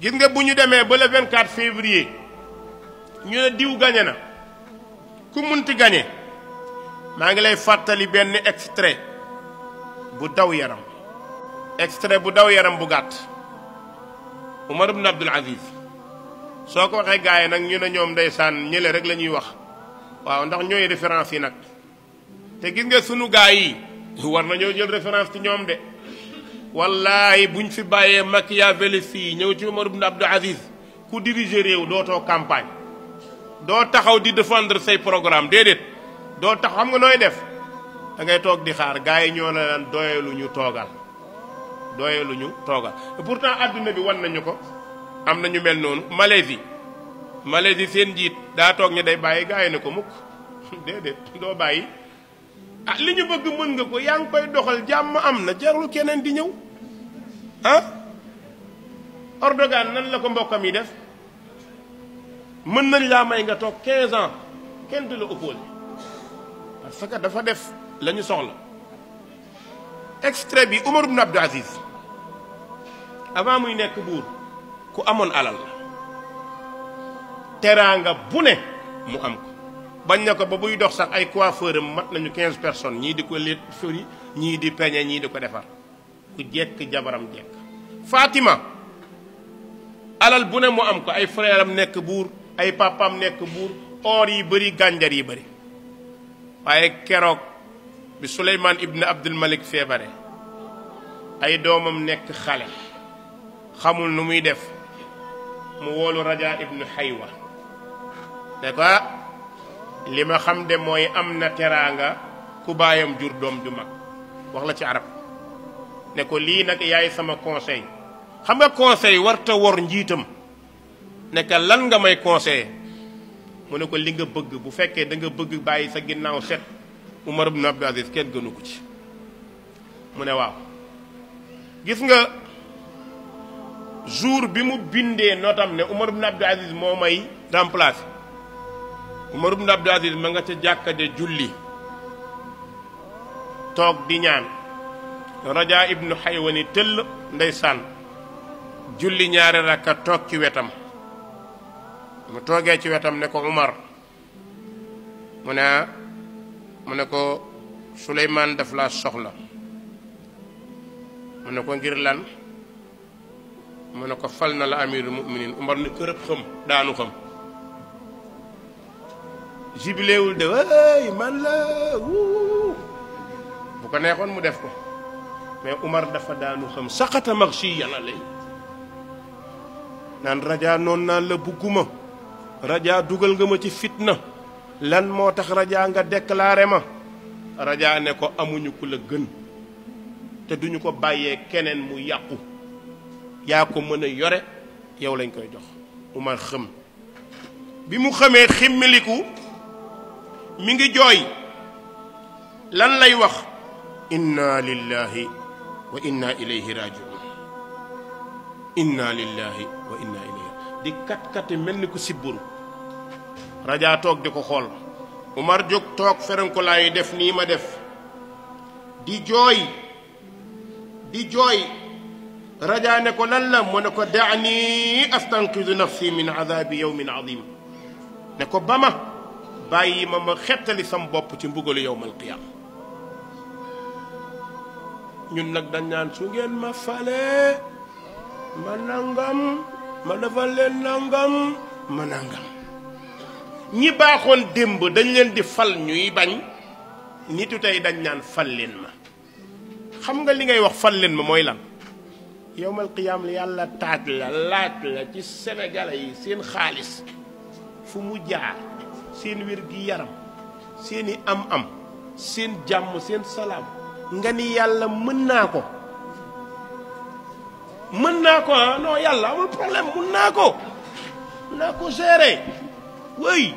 gis nga buñu démé ba le 24 février ñu né diw gagné na ku munti gagné ma nga lay fatali ben extrait bu daw yaram extrait bu daw yaram bu gatt Umar ibn Abdul Aziz soko waxe gaay nak ñu né ñom ndaysan ñëlé rek lañuy wax waaw ndax ñoy référence yi nak te gis nga suñu gaay yi war nañu jël référence ci ñom de wallaay ñu fi bàyyee Machiavelli fii ñëw ci Omar ibn Abdou Aziz ku diriger réew dootoo campagne doo taxaw di défendre say programme déedéet doo tax xam nga nooy def dangay toog di xaar gars yi ñoo la naan doyalu ñu toogal doyalu ñu toogal pourtant àdduna bi wan nañu ko am na ñu mel noonu Malaisie Malaisie seen njiit daa toog ñu day bàyyi gars yi ne ko mukk déedéet doo bàyyi ah li ñu bëgg mën nga ko yaa ngi koy doxal jàmm am na jarul keneen di ñëw ah Erdogan nan la ko mbokkam yi def mën nañ laa may nga toog 15 ans kenn du la opposé parce que dafa def lañu ñu soxla extrait bi Umar ibn Abdou Aziz avant muy nekk buur ku amoon alal la teraanga bu ne mu am ko bañ na ko ba buy dox sax ay coiffeur am mat nañu 15 personnes ñii di ko létt furi ñii di peñe ñii di ko defar ku jekk jabaram jekk Fatima alal bu ne mu am ko ay frère am nekk buur ay papam nekk buur or yi bëri gànjar yi bëri waaye keroog bi Suleymaan ibn Abdul Malik feebare ay doomam nekk xale xamul nu muy def mu woolu Rajaa ibn Xaywa ne ko li ma xam de mooy am na teraanga ku baayam jur doom ju mag wax la ci arab ne ko lii nag yaay sama conseil xam nga conseil warta wor njiitam ne lan nga may conseil mu ne ko li nga bëgg bu fekkee danga bëgg bàyyi sa ginnaaw set Umar ibn Abdul Aziz kenn gënu ko ci mu ne waaw gis nga jour bi mu bindee notam ne Umar ibn Abdul Aziz moo may remplacer Umar ibn Abdul Aziz ma nga ca jàkka de julli toog di ñaan rajaa ibnu xaywani tëll ndeysaan julli ñaari rakka toog ci wetam mu toogee ci wetam ne ko Umar mu ne mu ne ko Suleymaan daf laa soxla mu ne ko ngir lan mu ne ko fal na la amirul muminin Umar ni kërëb xam daanu xam jibileewul de waay man la bu ko neexoon mu def ko mais Umar dafa daanu xam saqata maghshiyan alayhi naan rajaa noon naan la bugguma rajaa dugal nga ma ci fitna lan moo tax rajaa nga déclaré ma rajaa ne ko amuñu ku la gën te duñu ko bàyyee keneen mu yàqu yaa ko mën a yore yow lañ koy jox Umar xëm bi mu xamee ximmiliku mi ngi jooy lan lay wax inna lillahi وإنا إليه راجعون إنا لله وإنا إليه دي كات كات ملك سبور رجع توك ديكو خول عمر جوك توك فرن كولاي ديف ني ما ديف دي جوي دي جوي رجع نكو لالا مونكو دعني استنقذ نفسي من عذاب يوم عظيم نكو بما bayima ma xettali sam bopp ci mbugal yowmal qiyam ñun nag dañ naan su ngeen ma falee ma nangam ma defal leen nangam ma nangam ñi baaxoon démb dañ leen di fal ñuy bañ nitu tey dañ naan fal leen ma xam nga li ngay wax fal leen ma mooy lan yowmal qiyaam yàlla taaj la laaj la ci sénégalais yi seen xaalis fu mu jaar seen wér gi yaram seeni am am seen jàmm seen salaam nga ni yàlla mën naa ko mën naa ko ah non yàlla amul problème mën naa ko mën naa ko gérer wéy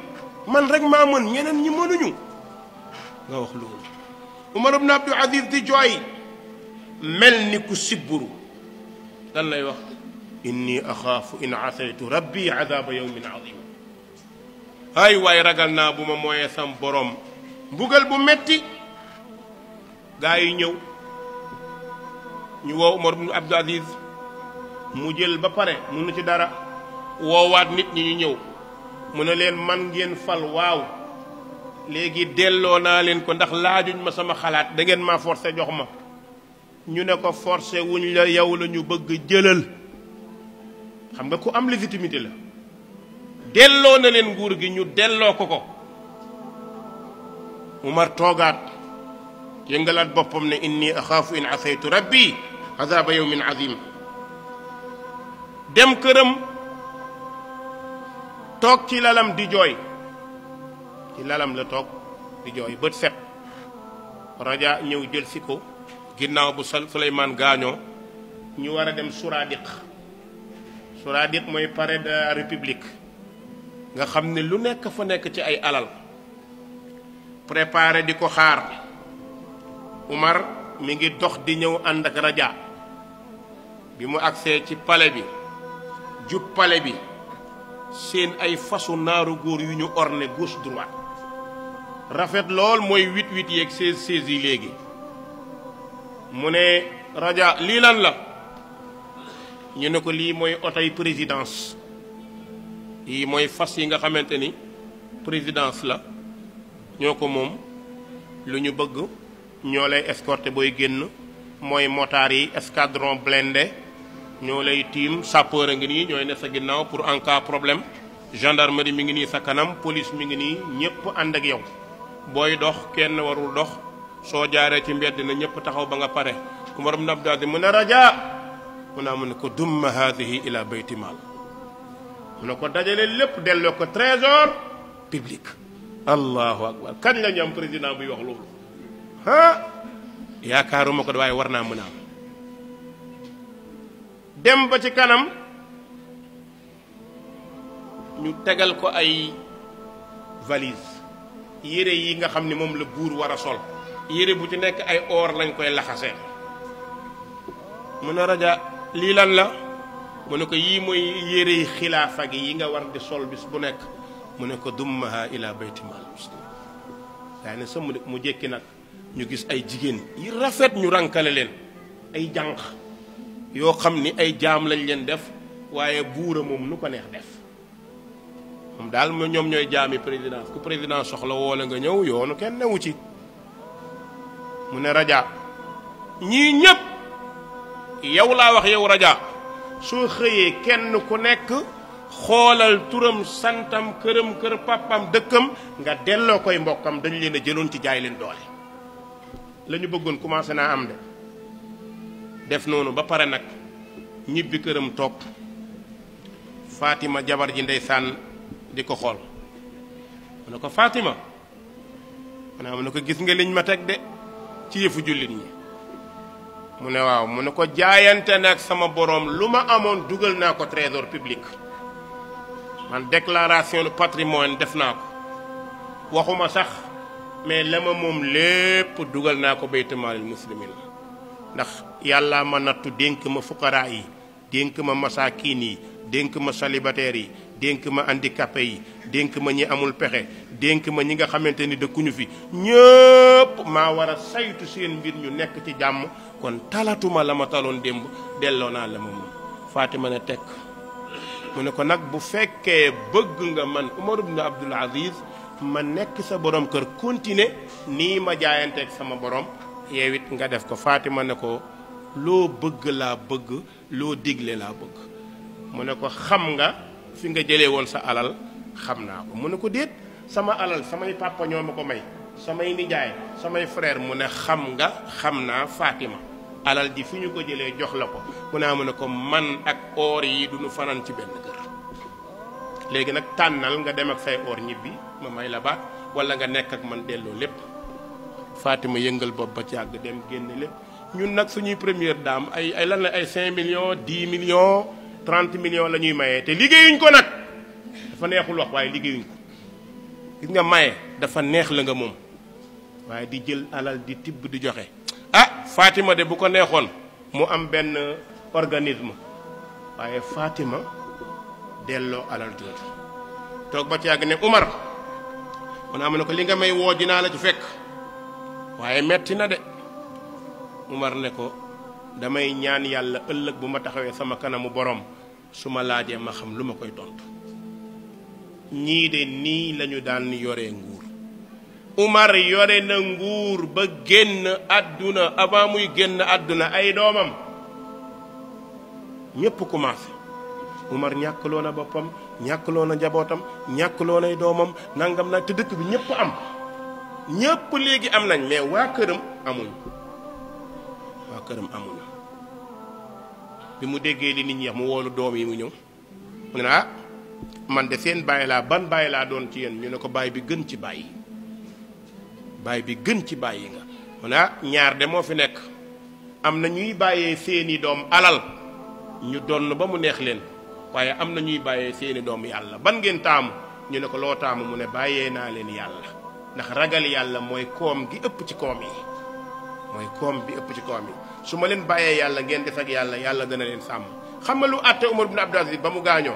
man rek maa mën ñeneen ñi mënuñu nga wax loolu Umar ibn Abdul Aziz di jooy mel ni ku sibburu lan lay wax inni akhafu in asaytu rabbi adaaba yawmin azim ay way ragal naa bu ma mooyee sam borom mbugal bu metti gaa yi ñëw ñu woo Umar ibn Abdul Aziz mu jël ba pare mënu ci dara woowaat nit ñi ñu ñëw mu ne leen man ngeen fal waaw léegi delloo naa leen ko ndax laajuñ ma sama xalaat dangeen ngeen ma forcé jox ma ñu ne ko forcé wuñ la yow la ñu bëgg jëlal xam nga ku am légitimité la delloo na leen nguur gi ñu delloo ko ko Umar toogaat yëngalaat bopam ne inni akhafu in asaytu rabbi azab yawmin azim dem kirim, tok ci lalam di joy ci lalam la tok di joy beut set raja ñew jël si ginnaw bu sal suleymaan ñu wara dem suradiq suradiq moy palais de la république nga xam lu nekk fa nekk ci ay alal préparé di kohar. xaar Umar mi ngi dox di ñëw ànd ak raja bi mu agsee ci pale bi jub pale bi seen ay fasu naaru góor yu ñu orné gauche droite rafet lool mooy huit huit yeeg seize seize yi léegi mu ne raja lii lan la ñu ne ko lii mooy otoy présidence yii mooy fas yi nga xamante ni présidence la ñoo ko moom lu ñu bëgg ñoo lay escorter booy génn mooy motards yi escadron blindé ñoo lay tiim sapeur a ngi nii ñooy ne sa ginnaaw pour en cas problème gendarmerie mi ngi nii sa kanam police mi ngi nii ñëpp ànd ak yow booy dox kenn warul dox soo jaaree ci mbedd na ñëpp taxaw ba nga pare Umar ibn Abdul Aziz mu ne raja mu naa mu ne ko dumma haadihi ila bayti maal mu ko dajalee lépp delloo ko trésor public allahu akbar kañ la ñu président buy wax loolu ha yaakaaruma ko de waaye war naa mën am dem ba ci kanam ñu tegal ko ay valise yére yi nga xam ni moom la buur war a sol yére bu ci nekk ay or lañ koy laxasee mun a raja lii lan la mu ne ko yii mooy yére yi xilaafa gi yi nga war di sol bis bu nekk mu ne ko dummaha ila baytimal muslim daa ne sëmm de mu jékki nag ñu gis ay jigéen yi rafet ñu rànkale leen ay jànq yoo xam ni ay jaam lañ leen def waaye buura moom nu ko neex def moom daal ñoom ñooy jaami président ku président soxla woo nga ñëw yoonu kenn newu ci mu ne rajaa ñii ñépp yow laa wax yow raja soo xëyee kenn ku nekk xoolal turam santam këram kër pàppam dëkkam nga delloo koy mbokkam dañ leen a jëloon ci jaay leen doole lañu bëggoon commencé naa am de def noonu ba pare nag ñibbi këram toog Fatima jabar ji ndeysaan di ko xool mu ne ko Fatima mu ne ah, mu ko gis nga liñ ma teg de ci jullit ñi mu ne waaw mu ne ko jaayante nag sama boroom lu ma amoon dugal naa ko trésor public man déclaration patrimoine def naa ko waxuma sax mais lama ma moom lépp dugal naa ko baytu maalil muslimin ndax yàlla ma nattu dénk ma fuqaraa yi dénk ma masaakiin yi dénk ma célibataire yi dénk ma indi handicapé yi dénk ma ñi amul pexe dénk ma ñi nga xamante ni dëkkuñu fi ñëpp maa war a saytu seen mbir ñu nekk ci jàmm kon talatuma la ma taloon démb delloo naa la ma moom Fatima ne tekk mu ne ko nag bu fekkee bëgg nga man Umar ibn Abdul Aziz ma nek sa borom keur continuer ni ma sama borom yewit nga def ko Fatima ne ko lo bëgg la bëgg lo diglé la bëgg mu ne ko xam nga fi nga jëlé won sa alal xam naa ko mu ne ko deet sama alal sama papa ñoo ko may samay nijaay sama frère mu ne xam nga xam Fatima alal di fiñu ko jëlé jox la ko mu na mu ne ko man ak or yi duñu fanan ci nak kër légui nak tanal nga dem ak say or ñibbi ma may la baat wala nga nekk ak man delloo lépp Fatima yëngal bopp ba ci àgg dem génne lépp ñun nag suñuy première daam ay ay lan la ay 5 millions 10 million 30 million la ñuy mayee te liggéeyuñ ko nag dafa neexul wax waaye liggéeyuñ ko gis nga maye dafa neex la nga moom waaye di jël alal di tibb di joxe. ah Fatima de bu ko neexoon mu am benn organisme waaye Fatima delloo alal jooju toog ba ci yàgg ne Umar. mu ne am ne ko li nga may woo dinaa la ci fekk waaye metti na de Umar ne ko damay ñaan yàlla ëllëg bu ma taxawee sama kanamu borom su ma laajee ma xam lu ma koy tontu ñii de nii lañu daan yore nguur Umar yore na nguur ba génn àdduna avant muy génn àdduna ay doomam ñépp commencé Umar ñàkkaloo na boppam ñàkkaloo na njabootam ñàkkaloo nay doomam nangam na te dëkk bi ñëpp am ñëpp léegi am nañ mais waa këram amuñ waa këram amuñu bi mu déggee li nit ñi wax mu woolu doom yi mu ñëw mu ah, man de seen bàyyi laa ban bàyyi laa doon ci yéen ñu ne ko bàyyi bi gën ci bàyyi bàyyi bi gën ci bàyyi nga mu ah ñaar de moo fi nekk am na ñuy bàyyee seeni doom alal ñu donn ba mu neex leen waaye am na ñuy bàyyee seeni doom yàlla ban ngeen taamu ñu ne ko loo taamu mu ne bàyyee naa leen yàlla ndax ragal yàlla mooy koom gi ëpp ci koom mooy koom bi ëpp ci koom yi su ma leen bàyyee yàlla ngeen def ak yàlla yàlla dana leen sàmm xam nga lu bi Omar bin Abdul Aziz ba mu gaaño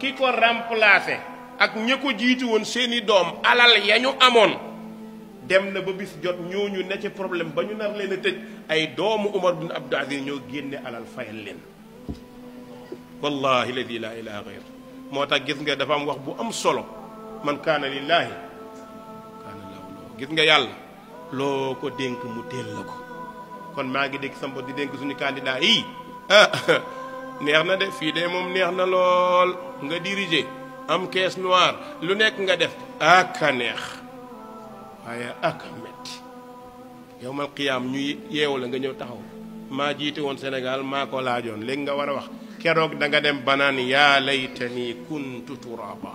ki ko remplacé ak ña ko jiitu woon seeni doom alal ya ñu amoon dem na ba bis jot ñooñu ne ci problème ba ñu nar leen a tëj ay doomu Omar bin Abdul Aziz ñoo génne alal fayal leen wallahi ladi la ilaha ghayr moo tax gis nga dafa am wax bu am solo man kana lillahi kana lahu loo gis nga yalla loko. denk mu del lako kon ma ngi dekk sambo di denk suñu candidat yi neexna neex na de fii de moom nga diriger am caisse noire lu nek nga def ak neex waaye ak a metti yowmal qiyam ñu yeewu la nga ñew taxaw ma jité won senegal maa ko laajoon nga wara wax keroog da nga dem banaan yaa laytani kuntu turaaba